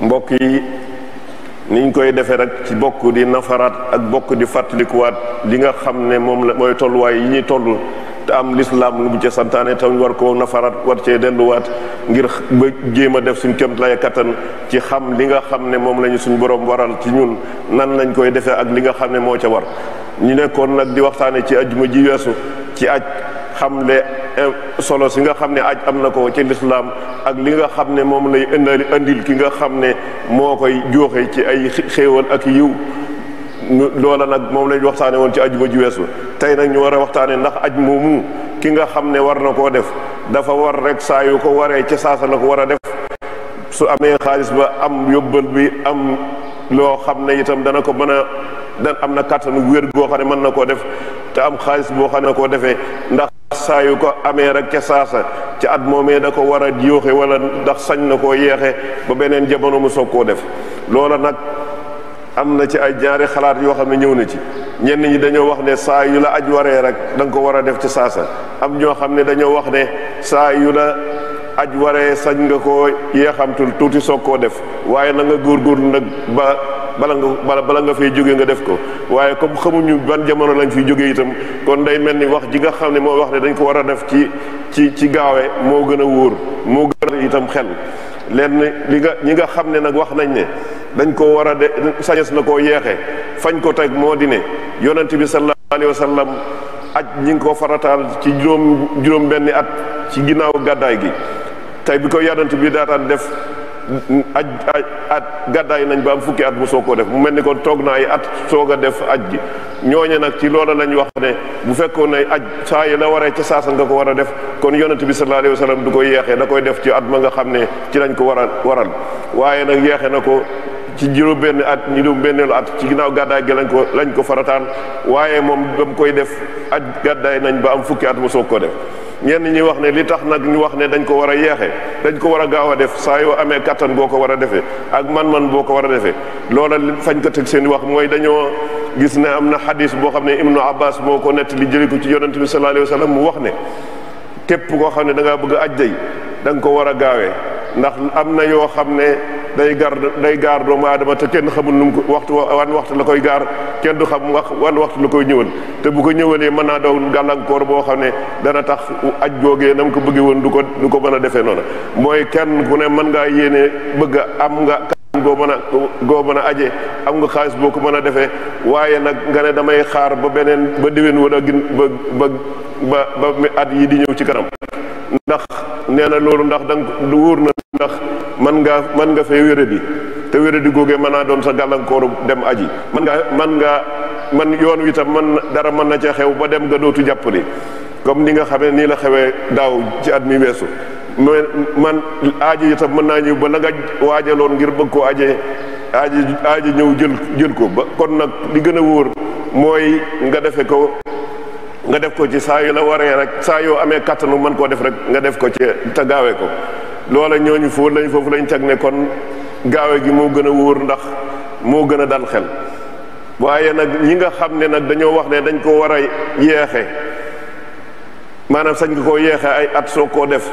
mbokk yi niñ koy defee rek ci bokk di nafaraat ak bokk di fàttalikuwaat li nga xam ne moom la mooy tolluwaay yi ñuy toll te am lislaam lu mu ca santaane tam war koo nafaraat war cee delluwaat ngir ba jéem a def suñ kéemtalaay kattan ci xam li nga xam ne moom lañu ñu suñ borom waral ci ñun nan lañ koy defee ak li nga xam ne moo ca war ñu nekkoon nag di waxtaane ci ajjuma ji weesu ci aj xamle solo si nga xam ne aj am na ko ci lislaam ak li nga xam ne moom lay indali indil ki nga xam ne moo koy jooxe ci ay xéewal ak yiw loola nag moom lay waxtaane woon ci ajuma ji weesu tey nag ñu war a waxtaane ndax aj moomu ki nga xam ne war na koo def dafa war rek saa yu ko waree ca saasa la ko war a def su amee xaalis ba am yóbbal bi am loo xam ne itam dana ko mën a dan am na kàttanu wér goo xam ne mën na koo def te am xaalis boo xam ne koo defee ndax saa yu ko amee rek ca saasa ci at moomee da ko war a yóoxe wala ndax sañ na koo yeexe ba beneen jamono mu soog koo def loola nag am na ci ay ñaari xalaat yoo xam ne ñëw na ci ñenn ñi dañoo wax ne saa yu la aj waree rek da ko war a def ci saasa am ñoo xam ne dañoo wax ne saa yu la aj waree sañ nga koo yeexamtul tuuti soog koo def waaye na nga góorgóorlu nag ba bala nga bala bala nga fay jóge nga def ko waaye comme xamuñu ban jamono lañ fiy jóge itam kon day mel ni wax ji nga xam ne moo wax ne dañ ko war a def ci ci ci gaawe moo gën a wóor moo gën itam xel lenn li nga ñi nga xam ne nag wax nañ ne dañ ko war a de sañes na koo yeexe fañ ko teg moo di ne yonent bi sallallahu alayhi wa sallam aj ñi ngi ko farataal ci juróom juróom benni at ci ginnaaw gàddaay gi tey bi ko yonent bi daataan def aj aj at gàddaay nañ ba am fukki at mu soog koo def mu mel ni kon toog na ay at soog a def at ji ñooñe nag ci loola lañ wax ne bu fekkoon ne aj saa yi la waree ca saa saasa nga ko war a def kon yonent bi sallallahu alayhi wa sallam du ko da koy def ci at ma nga xam ne ci lañ ko war a waral waaye nag yeexe na ko ci juróom benn at juróom benneelu at ci ginnaaw gàddaay gi lañ ko lañ ko farataan waaye moom dam koy def aj gàddaay nañ ba am fukki at mu soog koo def ñenn ñi wax ne li tax nag ñu wax ne dañ ko war a yeexe dañ ko war a gaaw a def saa yoo amee kattan boo ko war a defee ak man-man boo ko war a defee loola fañ ko teg seen wax mooy dañoo gis ne am na xadis boo xam ne ibnu abbas boo ko nett li jëli ko ci yonent bi sallallahu alayhi wa mu wax ne képp koo xam ne da ngaa bëgg aj day da ko war a gaawee ndax am na yoo xam ne day gar day gaar doomu aadama te kenn xamul nu mu ko waxtu wan waxtu la koy gaar kenn du xam wax wan waxtu la koy ñëwal te bu ko ñëwalee mën naa doon gàllankoor boo xam ne dana tax aj googee na ko bëggee woon du ko du ko mën a defee noonu mooy kenn ku ne mën ngaa yéene bëgg am nga goo mën a goo mën a am nga xaalis boo ko mën a defee waaye nag nga ne damay xaar ba beneen ba déwén a gin ba ba ba ba at yi di ñëw ci kanam ndax nee na loolu ndax danga du wóor na mën mën nga fee wéradi te wéradi googee mën naa doon sa gàllankooru dem aji mën nga mën nga man yoon wi tam man dara mën na ca xew ba dem nga dootu jàpp jàppale comme ni nga xamee nii la xewee daaw ci at mi weesu man aajo yitam tam mën naa ñëw ba la nga waajaloon ngir bëgg ko ajee aaji aaji ñëw jël jël ko ba kon nag li gën a wóor mooy nga defe ko nga def ko ci saa yi la waree rek saa yoo amee kattanu mën koo def rek nga def ko ci te gaawee ko loola ñooñu foofu lañ foofu lañ teg ne kon gaawe gi moo gën a wóor ndax moo gën a dal xel waaye nag ñi nga xam ne nag dañoo wax ne dañ koo war a yeexe maanaam sañ nga koo yeexe ay at soo koo def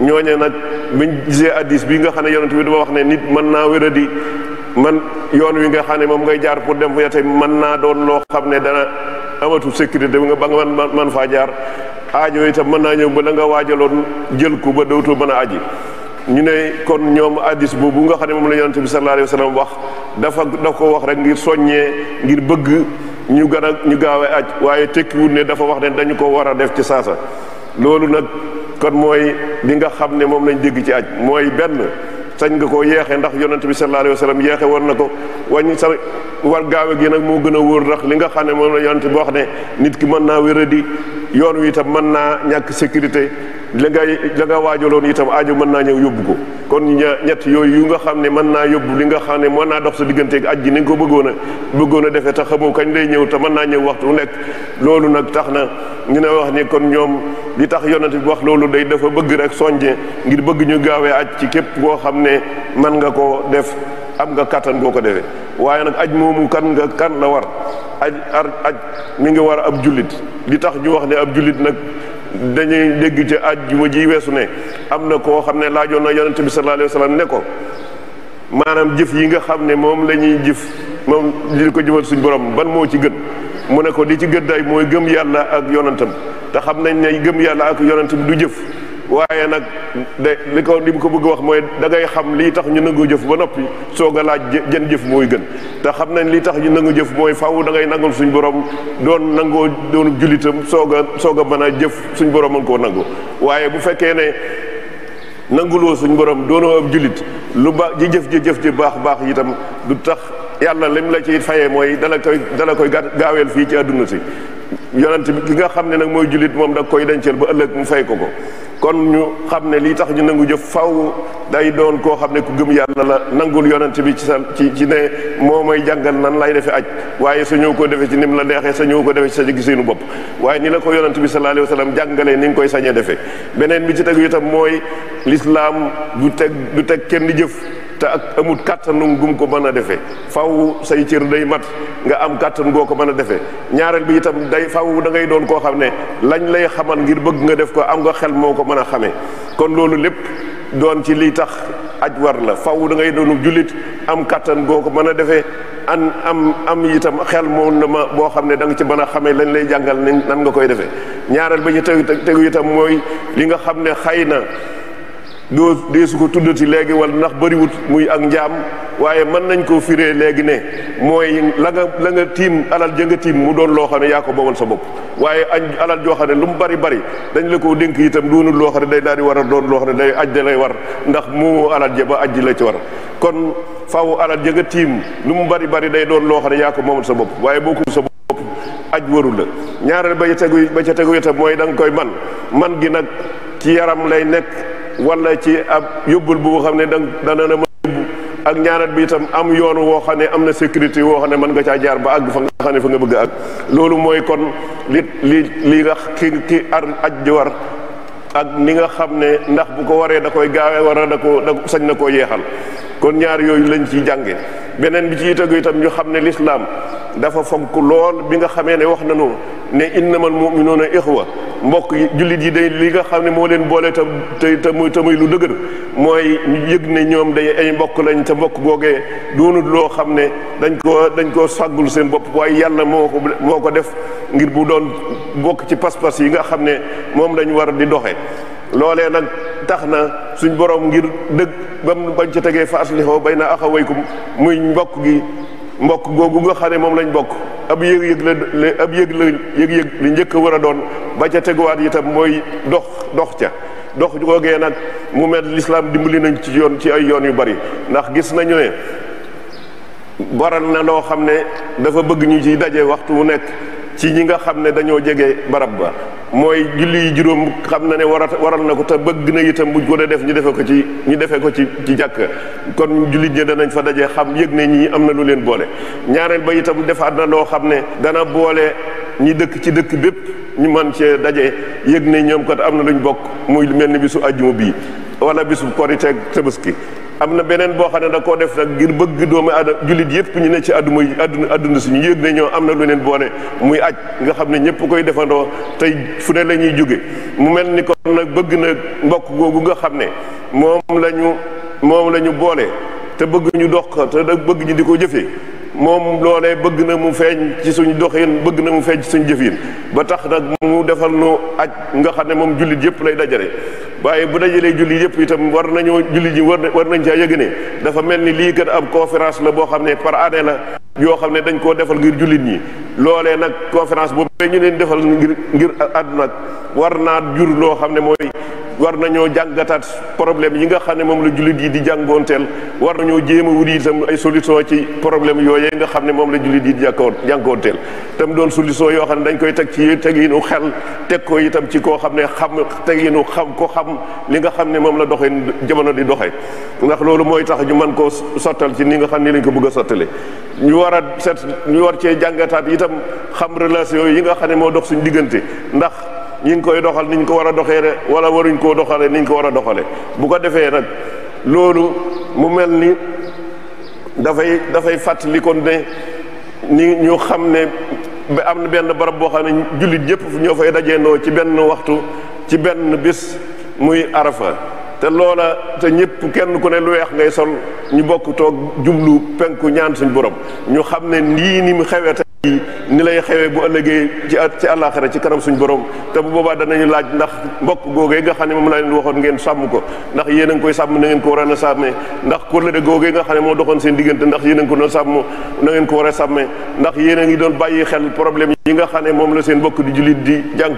ñooñe nag biñ gisee addis bi nga xam ne yonent bi dafa wax ne nit mën naa wéradi man yoon wi nga xam ne moom ngay jaar pour dem fa yate mën naa doon loo xam ne dana amatu sécurité bi nga ba nga man man faa jaar aajo tam mën naa ñëw ba la nga waajaloon jël ko ba dootu mën a aji ñu ne kon ñoom addis boobu nga xam ne moom la yonente bi sallallahu alayhi wax dafa daf ko wax rek ngir soññee ngir bëgg ñu gën a ñu gaawe aj waaye tekkiwul ne dafa wax ne dañu ko war a def ci saasa loolu nag kon mooy li nga xam ne moom lañ dégg ci aj mooy benn sañ nga ko yeexe ndax yonente bi sallallahu alayhi wa sallam yeexe woon na ko wañ sa war gaawe gi nag moo gën a wóor ndax li nga xam ne moom la yonente bi wax ne nit ki mën naa wéradi yoon wi itam mën naa ñàkk sécurité la nga la nga waajaloon itam ajo mën naa ñëw yóbbu ko kon ñett yooyu yu nga xam ne mën naa yóbbu li nga xam ne mën naa dox sa digganteeg aj ji ni nga ko bëggoon a bëggoon a defee te kañ lay ñëw te mën naa ñëw waxtu nekk loolu nag tax na ñu ne wax ni kon ñoom li tax yonent bi wax loolu day dafa bëgg rek soññe ngir bëgg ñu gaawee aj ci képp koo xam ne mën nga koo def am nga kattan boo ko defee waaye nag aj moomu kan nga kan la war aj ar aj mi ngi war ab jullit li tax ñu wax ne ab jullit nag dañuy dégg ci àjjuma ji weesu ne am na koo xam ne laajoon na yonente bi sallallahu alayhi wa sallam ne ko maanaam jëf yi nga xam ne moom la ñuy jëf moom di ko jëfal suñu borom ban moo ci gën mu ne ko di ci gën day mooy gëm yàlla ak yonentam te xam nañ ne gëm yàlla ak bi du jëf waaye nag de li ko li mu ko bëgg wax mooy da ngay xam lii tax ñu nangu jëf ba noppi soog a laaj jën jëf mooy gën te xam nañ lii tax ñu nangu jëf mooy faaw da ngay nangul suñ borom doon nangoo doon jullitam soog a soog a mën a jëf suñ borom mën koo nangu waaye bu fekkee ne nanguloo suñ borom doonoo ab lu ba ji jëf ji ji baax baax itam du tax yàlla lim la ci fayee mooy dala koy dala koy gaaweel fii ci si yonent ki nga xam ne nag mooy jullit moom dag koy denceel ba ëllëg mu fay ko ko kon ñu xam ne lii tax ñu nangu jëf faw day doon koo xam ne ku gëm yàlla la nangul yonent bi ci sa ci ci ne moo may jàngal nan lay defee aj waaye sa ñëw ko defee ci nim la deexee sa ñëw ko defee ci sa giseenu bopp waaye ni la ko yonent bi sallallahu alayhi wa sallam jàngalee ni nga koy sañee defee beneen bi ci tegu itam mooy lislaam du teg du teg kenn jëf te ak amul kàttanu gum ko mën a defee faw say cër day mat nga am kàttan goo ko mën a defee ñaareel bi itam day faw da ngay doon koo xam ne lañ lay xamal ngir bëgg nga def ko am nga xel moo ko mën a xame kon loolu lépp doon ci liy tax aj war la faw da ngay doonu jullit am kàttan goo ko mën a defee an am am yitam xel moom na ma boo xam ne da nga ci mën a xamee lañ lay jàngal nan nga koy defee ñaareel ba ñu tegu tegu itam mooy li nga xam ne xay na doo deesu ko tuddati léegi wala ndax bëriwut muy ak njaam waaye man nañ koo firee léegi ne mooy la nga la nga tiim alal jënga tiim mu doon loo xam ne yaa ko sa bopp waaye añ alal joo xam ne lu mu bari bari dañ la koo dénk itam doonul loo xam ne day daal di war a doon loo xam ne day aj da lay war ndax mu alal ja ba aj ji la ci war kon faw alal ja tiim lu mu bari bari day doon loo xam ne yaa ko moomal sa bopp waaye boo ko sa bopp aj warul la ñaareel ba ca tegu ba ca tegu mooy danga koy man man gi nag ci yaram lay nekk wala ci ab yóbbul bu xam ne da dana na mën yóbbu ak ñaareel bi itam am yoon woo xam ne am na sécurité woo xam ne man nga caa jaar ba àgg fa nga xam ne fa nga loolu mooy kon li li li nga ki ki ar aj ji war ak ni nga xam ne ndax bu ko waree da koy gaawee war a da ko da sañ na koo yeexal kon ñaar yooyu lañ ci jànge beneen bi ci itam ñu xam ne lislaam dafa fonk lool bi nga xamee ne wax nañu ne innamal mu'minuuna ixwa mbokk jullit yi day li nga xam ne moo leen boole tam te te muy te muy lu dëgër mooy ñu yëg ne ñoom day ay mbokk lañ te mbokk googee doonut loo xam ne dañ ko dañ koo sàggul seen bopp waaye yàlla moo ko ko def ngir bu doon bokk ci pas-pas yi nga xam ne moom lañ war di doxe loolee nag tax na suñ borom ngir dëgg bam bañ ca tegee fa aslihoo bay na axawaykum muy mbokk gi mbokk googu nga xam ne moom lañ bokk ab yëg-yëg la ab yëg la yëg-yëg li njëkk war a doon ba ca teguwaat itam mooy dox dox ca dox googee nag mu mel lislaam dimbali nañ ci yoon ci ay yoon yu bari ndax gis nañu ne baral na loo xam ne dafa bëgg ñu ciy daje waxtu wu nekk ci ñi nga xam ne dañoo jege barab ba mooy julli yi juróom xam na ne war waral na ko te bëgg na itam buñ ko def ñu defee ko ci ñu defee ko ci ci jàkk kon jullit ñi danañ fa daje xam yëg ne ñii am na lu leen boole ñaareel ba itam defaat na loo xam ne dana boole ñi dëkk ci dëkk bépp ñu man cee daje yëg ne ñoom kat am na luñ bokk muy mel ni bisu àjjuma bii wala bisu koriteeg tabaski am na beneen boo xam ne da koo def nag ngir bëgg doomu aadama jullit yëpp ñu ne ci àdduma àdduna àdduna suñu yëg ne ñoo am na lu neen boole muy aj nga xam ne ñëpp koy defandoo tey fu ne la ñuy jóge mu mel ni kon nag bëgg na mbokk googu nga xam ne moom la ñu moom la ñu boole te bëgg ñu dox te bëgg ñu di ko jëfee moom loolee bëgg na mu feeñ ci suñ doxin bëgg na mu feeñ ci suñ jëfin ba tax nag mu defal nu aj nga xam ne moom jullit yëpp lay dajale waaye bu dajalee jullit yëpp itam war nañoo jullit ñi war war nañ caa yëg ne dafa mel ni lii kat ab conférence la boo xam ne par année na yoo xam ne dañ koo defal ngir jullit ñi loolee nag conférence boobu ñu leen defal ngir ngir àdduna war naa jur loo xam ne mooy war nañoo jàngataat problème yi nga xam ne moom la jullit yi di jàngoonteel war nañoo jéema a wut itam ay solution ci problème yooyee nga xam ne moom la jullit yi di jànkoon jàngoonteel tam doon solution yoo xam ne dañ koy teg ci teg yi nu xel teg ko itam ci koo xam ne xam teg yi xam ko xam li nga xam ne moom la doxe jamono di doxee ndax loolu mooy tax ñu man koo sottal ci ni nga xam ne lañ ko bëgg sottale ñu war a set ñu war cee jàngataat itam xam relation yi nga xam ne moo dox suñ diggante ndax ñu ngi koy doxal ni ko war a doxee rek wala waruñ koo doxale niñ ko war a doxale bu ko defee nag loolu mu mel ni dafay dafay fàttali kon ne ni ñu xam ne ba am na benn barab boo xam ne jullit yëpp ñoo fay dajeendoo ci benn waxtu ci benn bés muy arafa te loola te ñëpp kenn ku ne lu weex ngay sol ñu bokk toog jublu penku ñaan suñ borom ñu xam ne nii ni mu xewee ni lay xewee bu ëllëgee ci ci àllaaxira ci kanam suñ borom te bu boobaa danañu laaj ndax mbokk googee nga xam ne moom la leen waxoon ngeen sàmm ko ndax yéen a ngi koy sàmm na ngeen ko war a sàmmee ndax kóllëre googee nga xam ne moo doxoon seen diggante ndax yéen a ngi ko doon sàmm na ngeen ko war a sàmmee ndax yéen a ngi doon bàyyi xel problème yi nga xam ne moom la seen mbokk di jullit di teel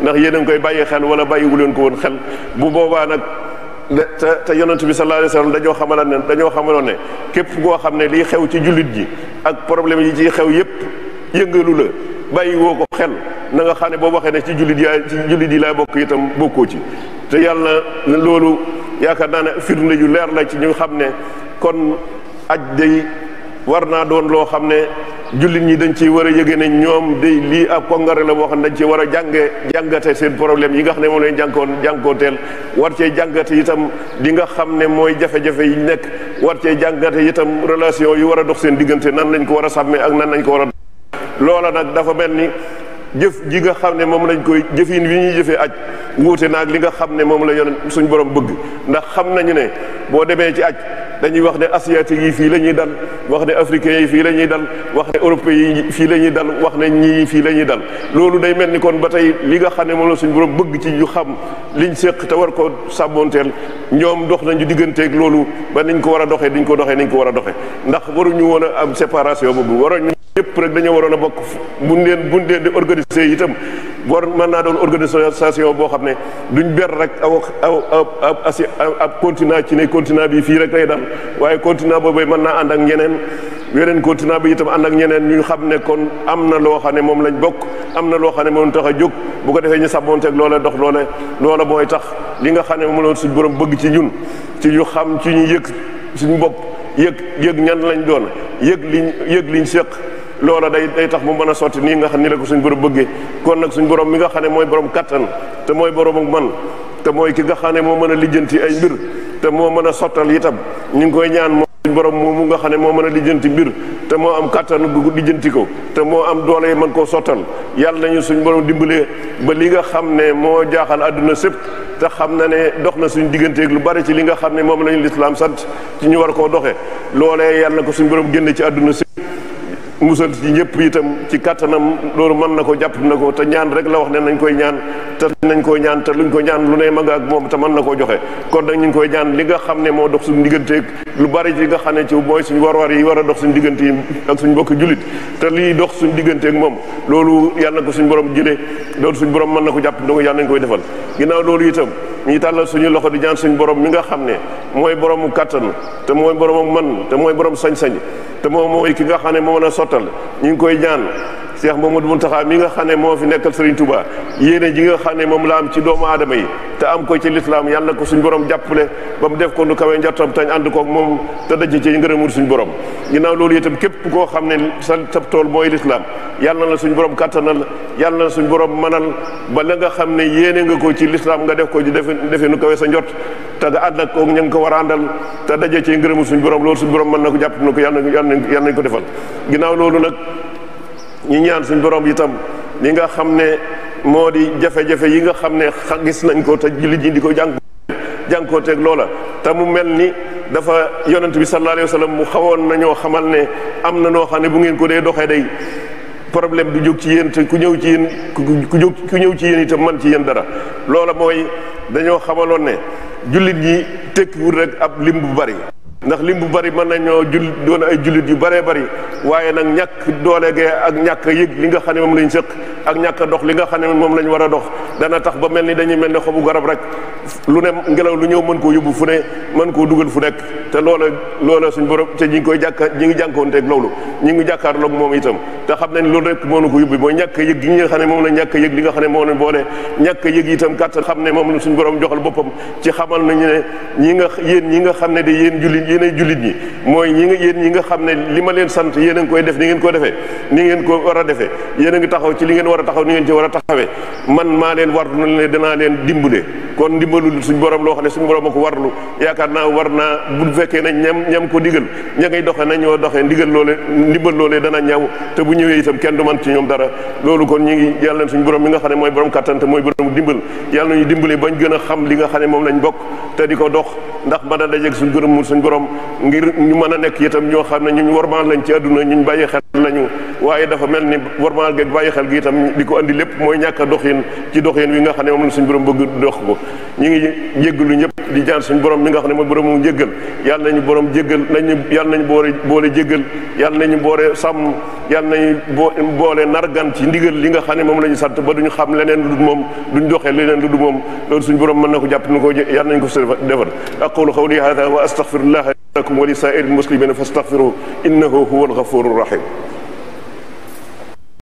ndax yéen a ngi koy bàyyi xel wala bàyyiwu leen ko woon xel bu boobaa nag te te yonent bi sa alayhi wasallam dañoo xamaloon ne dañoo xamaloon ne képp koo xam ne lii xew ci jullit ji ak problème yi ciy xew yépp yëngalu la bàyyi woo ko xel na nga xam ne boo waxee ne ci jullit yaa ci jullit yi laa bokk itam bokkoo ci te yàlla loolu yaakaar naa ne firnde yu leer la ci ñu xam ne kon aj day war naa doon loo xam ne jullit ñi dañ ciy war a yëge ne ñoom day lii ab kongare la boo xam ne dañ ci war a jànge jàngate seen problème yi nga xam ne moom leen jànkoon jànkooteel war cee jàngate itam di nga xam ne mooy jafe-jafe yi nekk war cee jàngate itam relation yi war a dox nan lañ ko war a sàmmee ak nan lañ ko war a nag dafa mel ni jëf ji nga xam ne moom lañ koy jëfin yi ñuy jëfee aj wuute naag li nga xam ne moom la yonent suñ borom bëgg ndax xam nañu ne boo demee ci aj dañuy wax ne asiatique yi fii la ñuy dal wax ne africains yi fii la ñuy dal wax ne européens yi fii la ñuy dal wax ne ñii fii la ñuy dal loolu day mel ni kon ba tey li nga xam ne moom la suñu borom bëgg ci ñu xam liñ séq te war ko sàmmonteel ñoom dox nañu digganteeg loolu ba niñ ko war a doxee duñ ko doxee niñ ko war a doxee ndax waruñu woon a am séparation boobu waruñu ñëpp rek dañoo waroon a bokk buñ leen buñ leen di organiser itam war mën naa doon organisation boo xam ne duñ ber rek aw aw aw asi ab continent ne continent bi fii rek lay dal waaye continent boobu mën naa ànd ak ñeneen weneen continent bi itam ànd ak ñeneen ñu xam ne kon am na loo xam ne moom lañ bokk am na loo xam ne moom tax a jóg bu ko defee ñu sàmmonteeg loola dox loola loola mooy tax li nga xam ne moom la suñ borom bëgg ci ñun ci ñu xam ci ñu yëg suñ bopp yëg yëg ñan lañ doon yëg liñ yëg liñ seq loola day day tax mu mën a sotti nii nga xam ni la ko suñu borom bëggee kon nag suñu borom mi nga xam ne mooy borom kattan te mooy borom man te mooy ki nga xam ne moo mën a lijjanti ay mbir te moo mën a sottal itam ñu ngi koy ñaan moom suñ borom moomu nga xam ne moo mën a lijjanti mbir te moo am kattan gu lijjanti ko te moo am doole mën koo sottal yàlla nañu suñ borom dimbalee ba li nga xam ne moo jaaxal àdduna sépp te xam na ne dox na suñ digganteeg lu bari ci li nga xam ne moom lañu lislaam sant ci ñu war koo doxe loolee yàlla ko suñ borom génne ci àdduna si musal ci ñëpp itam ci kàttanam loolu mën na ko jàpp na ko te ñaan rek la wax ne nañ koy ñaan te nañ koy ñaan te luñ ko ñaan lu ne ma moom te man na koo joxe kon nag ñu ngi koy ñaan li nga xam ne moo dox suñu digganteeg lu bari ci nga xam ne ci mooy suñu war-war yi war a dox suñu diggante yi ak suñu bokk te lii dox suñu digganteeg moom loolu yàlla ko suñ borom jëlee loolu suñ borom mën na ko jàpp na ko yàlla nañ koy defal ginnaaw loolu itam ñuy tàllal suñu loxo di ñaan suñu borom mi nga xam ne mooy boromu kàttan te mooy borom ak man te mooy borom sañ-sañ te moom mooy ki nga xam ne moo mën a sottal ñu ngi koy ñaan Cheikh Mamadou Mountakha mi nga xam ne moo fi nekkal Serigne Touba yéene ji nga xam ne moom la am ci doomu aadama yi te am ko ci lislaam yàlla ko suñ borom jàppale ba mu def ko nu kawe njortam tañ ànd moom te daje ci ngërëmul suñ borom ginnaaw loolu itam képp koo xam ne sa sa tool mooy lislaam yàlla na suñ borom kattanal yàlla na suñ borom manal ba la nga xam ne yéene nga ko ci lislaam nga def ko ci defe nu kawe sa njort te nga ànd ak koog ña nga ko war a àndal te daje ci ngërëmul suñ borom loolu suñ borom mën na ko jàpp na ko yàlla nañ ko defal ginnaaw loolu nag ñu ñaan suñ borom itam li nga xam ne moo di jafe-jafe yi nga xam ne gis nañ ko te jullit ñi di ko jàng jànkooteeg loola te mu mel ni dafa yonent bi sallallahu alayhi wa sallam mu xawoon na nañoo xamal ne am na noo xam ne bu ngeen ko dee doxe day problème du jóg ci yéen te ku ñëw ci yéen ku jóg ku ñëw ci yéen itam man ci yéen dara loola mooy dañoo xamaloon ne jullit ñi tekkiwul rek ab lim bu bari ndax lim bu bari mën nañoo jul doon ay jullit yu baree bari waaye nag ñàkk doole gee ak ñàkk yëg li nga xam ne moom lañ sëq ak ñàkk dox li nga xam ne moom lañ war a dox dana tax ba mel ni dañuy mel ne xobu garab rek lu ne ngelaw lu ñëw mën koo yóbbu fu ne mën koo dugal fu nekk te loola loola suñ borom te ñi ngi koy jàkka ñi ngi jànkoonteeg loolu ñi ngi jàkkaarloog moom itam te xam nañ loolu rek moo nu ko yóbbi mooy ñàkk yëg gi nga xam ne moom la ñàkk yëg li nga ne moo leen boole ñàkk yëg itam kàttan xam ne moom la suñ borom joxal xamal nañu ne ñi nga yéen ñi nga xam ne de yéen jullit yéen ay jullit ñi mooy ñi nga yéen ñi nga xam ne li ma leen sant yen a koy def ni ngeen koo defee ni ngeen ko war a defee yéen a taxaw ci li ngeen war a taxaw ni ngeen ci war a taxawee man maa leen leen war ne danaa leen dimbale kon ndimbalul suñ borom loo xam ne suñ borom a ko warlu yaakaar naa war naa bu fekkee nañ ñam ñam ko digal ña ngay doxe nañoo doxe ndigal loole ndimbal loolee dana ñaw bu ñëwee itam kenn du ci ñoom dara loolu kon ñu ngi yàlla na suñ mi nga xam ne mooy borom kattan te mooy borom dimbal yàlla nañu dimbali a xam li nga xam ne moom lañ bokk te di ko dox ndax mën a dajeeg suñ gërëm mu suñ borom ngir ñu mën a nekk itam ñoo xam ne ñuñ warmaal lañ ci àdduna ñuñ bàyyi xel lañu waaye dafa mel ni warmaal geeg bàyyi xel gi itam di ko indi lépp mooy ñàkk a doxin ci doxin wi nga xam ne moom la suñ borom bëgg dox ko ñu ngi jéggalu ñëpp di jaan suñu borom mi nga xam ne mooy borom mu jéggal yàlla nañu borom jéggal nañu yàlla nañu boole boole jéggal yàlla nañu boole sàmm yàlla nañu boole nargan ci ndigal li nga xam ne moom la ñu sant ba duñu xam leneen lu du moom duñ doxee leneen lu dul moom loolu suñ borom mën na ko jàpp nu ko yàlla nañu ko defal aqulu qawli hada wa astaghfirullah lakum wa li saa'iril muslimina fastaghfiruhu innahu huwal ghafurur rahim